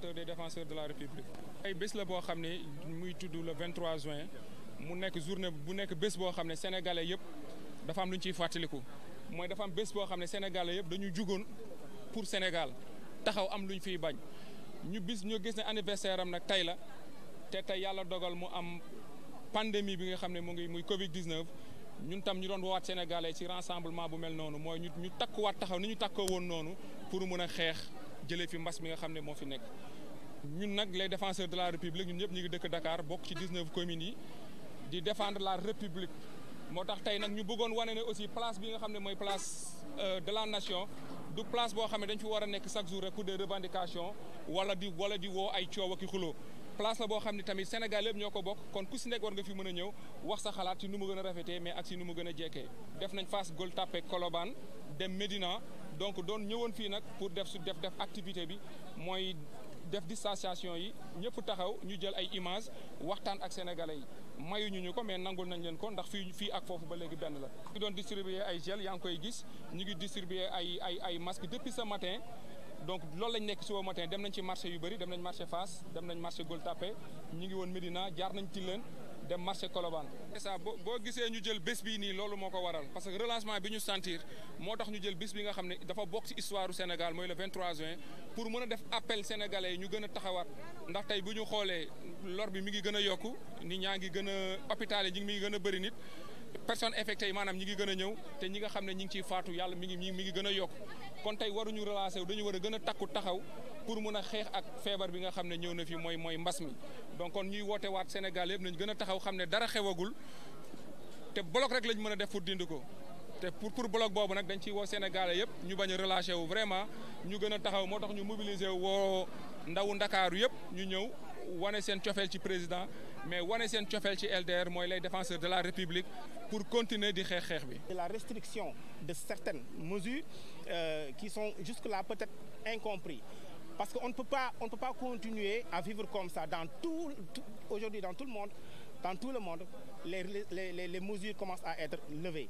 coordonnateur des défenseurs de la république ay bés la boo xam ne muy tudd le 23 juin mu nekk journée bu nekk bés boo xam ne sénégalais yëpp dafa am lu ciy fàttaliku mooy dafa am bés boo xam ne sénégalais yëpp dañu jugoon pour Sénégal taxaw am lu ñu fiy bañ ñu bis ñu gis ne anniversaire am nag tey la te tey yàlla dogal mu am pandémie bi nga xam ne mu ngi muy Covid 19 ñun tam ñu doon woowaat sénégalais ci rassemblement bu mel noonu mooy ñu ñu takkuwaat taxaw ni ñu takkoo woon noonu pour mun a xeex. jëlee fi mbas mi nga xam ne moo fi nekk ñun nag lay défenseurs de la république ñun ñëpp ñu ngi dëkk Dakar bokk ci 19 communes yi di défendre la république moo tax tey nag ñu bëggoon wane ne aussi place bi nga xam ne mooy place euh, de la nation du place boo xam ne dañ fi war a nekk chaque jour rek pour des revendications wala di wala di woo ay coow ak i xuloo place la boo xam ne tamit Sénégal yëpp ñoo ko bokk kon ku si nekk war nga fi mën a ñëw wax sa xalaat ci nu mu gën a rafetee mais ak si nu gën a jekkee def nañ Fass Gueule Tapée Colobane dem Médina donc doon ñëwoon fii nag pour def su def def activité bi mooy def distanciation yi ñëpp taxaw ñu jël ay image waxtaan ak sénégalais yi mayu ñu ñu ko mais nangul nañ leen ko ndax fii fii ak foofu ba léegi benn la. ñu ngi doon distribuer ay gel yaa ngi koy gis ñu ngi distribuer ay ay ay masques depuis ce matin. donc loolu lañ nekk suba matin dem nañ ci marché yu bëri dem nañ marché Fass dem nañ marché Gueule Tapée ñu ngi woon Médina jaar nañ Tilène dem marché Colobane ça boo boo gisee ñu jël bés bii nii loolu moo ko waral parce que relancement bi ñu sentir moo tax ñu jël bés bi nga xam ne dafa bokk ci histoire Sénégal mooy le 23 juin pour mën a def appel sénégalais ñu gën a taxawaat ndax tey bu ñu xoolee lor bi mi ngi gën a yokku nit ñaa ngi gën a hôpital yi ñu ngi gën a bëri nit personnes infectées yi maanaam ñi ngi gën a ñëw te ñi nga xam ne ñi ngi ciy faatu yàlla mi ngi mi ngi gën a yokk kon tey waruñu relancer wu dañu war a gën takku taxaw pour mun a xeex ak feebar bi nga xam ne ñëw na fi mooy mooy mbas mi donc kon ñuy woote waat Sénégal yëpp nañ gën a taxaw xam ne dara xewagul te bloc rek lañ mën a def pour dindi ko te pour pour bloc boobu nag dañ ciy woo Sénégalais yëpp ñu bañ a relâché wu vraiment ñu gën a taxaw moo tax ñu mobiliser woo ndawu Ndakaaru yëpp ñu ñëw wane seen cofeel ci président mais wane seen cofeel ci LDR mooy les défenseurs de la République pour continuer di xeex xeex bi. la restriction de certaines mesures euh, qui sont jusque-là peut-être incomprises parce que on ne peut pas on ne peut pas continuer à vivre comme ça dans tout, tout aujourd'hui dans tout le monde dans tout le monde les les les, les mesures commencent à être levées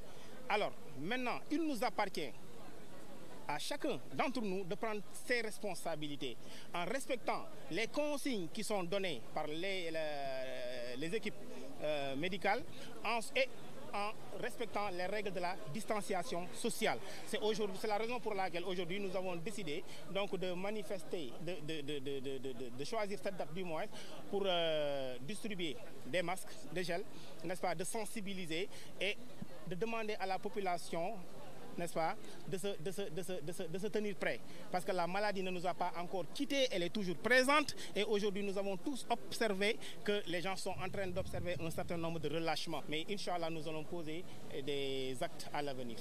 alors maintenant il nous appartient à chacun d'entre nous de prendre ses responsabilités en respectant les consignes qui sont données par les, les, euh, les équipes euh, médicales en, et en respectant les règles de la distanciation sociale. C'est aujourd'hui, c'est la raison pour laquelle aujourd'hui nous avons décidé donc de manifester, de, de, de, de choisir cette date du mois pour euh, distribuer des masques, de gels, n'est-ce pas, de sensibiliser et de demander à la population n'est-ce pas, de se, de, se, de, se, de, se, de se tenir prêt. Parce que la maladie ne nous a pas encore quittés, elle est toujours présente. Et aujourd'hui, nous avons tous observé que les gens sont en train d'observer un certain nombre de relâchements. Mais Inch'Allah, nous allons poser des actes à l'avenir.